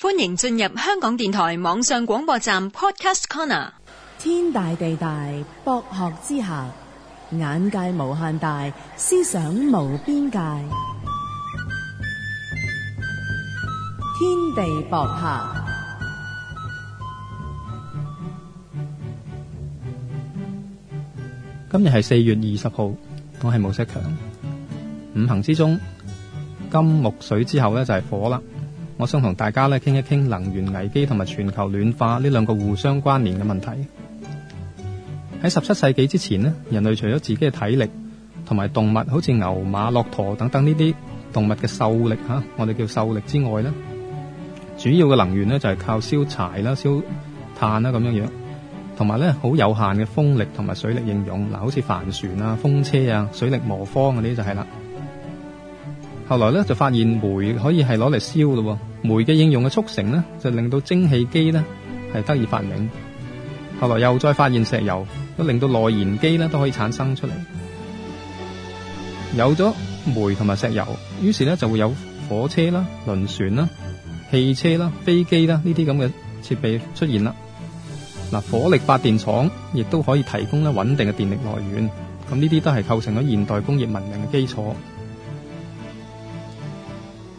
歡迎進入香港電台網上廣播站 Podcast Corner。天大地大，博學之下，眼界無限大，思想無邊界。天地博客，今日係四月二十號，我係毛錫強。五行之中，金木水之後呢，就係火啦。我想同大家咧傾一傾能源危機同埋全球暖化呢兩個互相關聯嘅問題。喺十七世紀之前咧，人類除咗自己嘅體力同埋動物，好似牛馬駱駝等等呢啲動物嘅獸力吓、啊，我哋叫獸力之外咧，主要嘅能源咧就係、是、靠燒柴啦、燒炭啦咁樣樣，同埋咧好有限嘅風力同埋水力應用嗱，好、啊、似帆船啊、風車啊、水力磨坊嗰啲就係啦。後來咧就發現煤可以係攞嚟燒噶、啊。煤嘅應用嘅促成咧，就令到蒸汽機咧係得以發明。後來又再發現石油，都令到內燃機咧都可以產生出嚟。有咗煤同埋石油，於是咧就會有火車啦、輪船啦、汽車啦、飛機啦呢啲咁嘅設備出現啦。嗱，火力發電廠亦都可以提供咧穩定嘅電力來源。咁呢啲都係構成咗現代工業文明嘅基礎。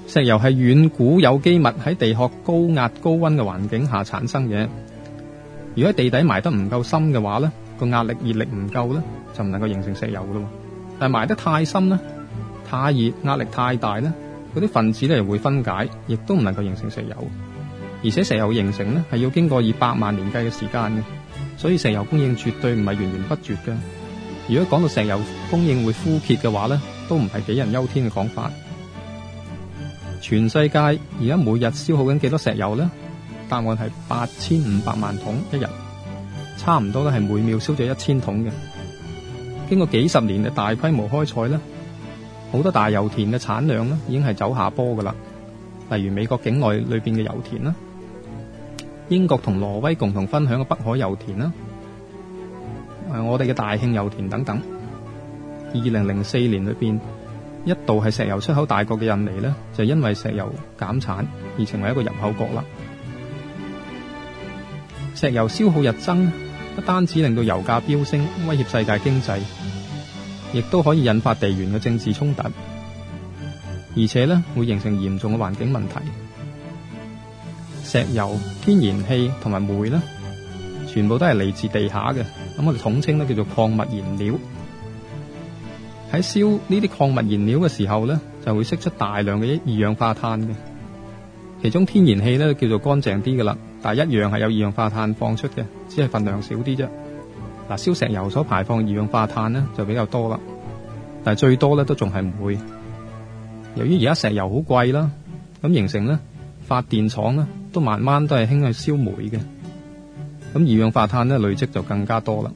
石油係遠古有機物喺地殼高壓高温嘅環境下產生嘅。如果地底埋得唔夠深嘅話咧，個壓力熱力唔夠咧，就唔能夠形成石油嘅。但埋得太深咧，太熱壓力太大咧，嗰啲分子咧會分解，亦都唔能夠形成石油。而且石油形成咧係要經過以百萬年計嘅時間嘅，所以石油供應絕對唔係源源不絕嘅。如果講到石油供應會枯竭嘅話咧，都唔係杞人憂天嘅講法。全世界而家每日消耗緊幾多石油呢？答案係八千五百萬桶一日，差唔多咧係每秒燒咗一千桶嘅。經過幾十年嘅大規模開採咧，好多大油田嘅產量咧已經係走下坡噶啦。例如美國境內裏邊嘅油田啦，英國同挪威共同分享嘅北海油田啦，誒我哋嘅大慶油田等等。二零零四年裏邊。一度係石油出口大國嘅印尼呢，就因為石油減產而成為一個入口國啦。石油消耗日增，不單止令到油價飆升，威脅世界經濟，亦都可以引發地緣嘅政治衝突，而且呢，會形成嚴重嘅環境問題。石油、天然氣同埋煤，呢全部都係嚟自地下嘅，咁我哋統稱呢叫做礦物燃料。喺燒呢啲礦物燃料嘅時候咧，就會釋出大量嘅二氧化碳嘅。其中天然氣咧叫做乾淨啲噶啦，但係一樣係有二氧化碳放出嘅，只係份量少啲啫。嗱、啊，燒石油所排放二氧化碳咧就比較多，多啦，但係最多咧都仲係煤。由於而家石油好貴啦，咁形成咧發電廠咧都慢慢都係興去燒煤嘅，咁二氧化碳咧累積就更加多啦。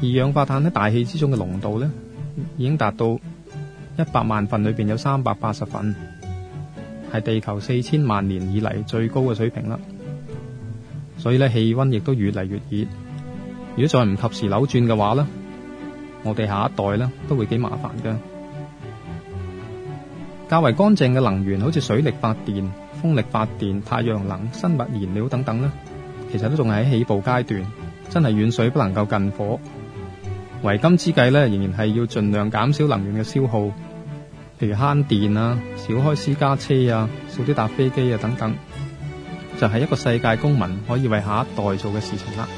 二氧化碳喺大氣之中嘅濃度咧。已經達到一百萬份裏邊有三百八十份，係地球四千萬年以嚟，最高嘅水平啦。所以咧，氣溫亦都越嚟越熱。如果再唔及時扭轉嘅話咧，我哋下一代咧都會幾麻煩㗎。較為乾淨嘅能源，好似水力發電、風力發電、太陽能、生物燃料等等咧，其實都仲係喺起步階段。真係遠水不能夠近火。為今之計咧，仍然係要盡量減少能源嘅消耗，譬如慳電啊、少開私家車啊、少啲搭飛機啊等等，就係、是、一個世界公民可以為下一代做嘅事情啦。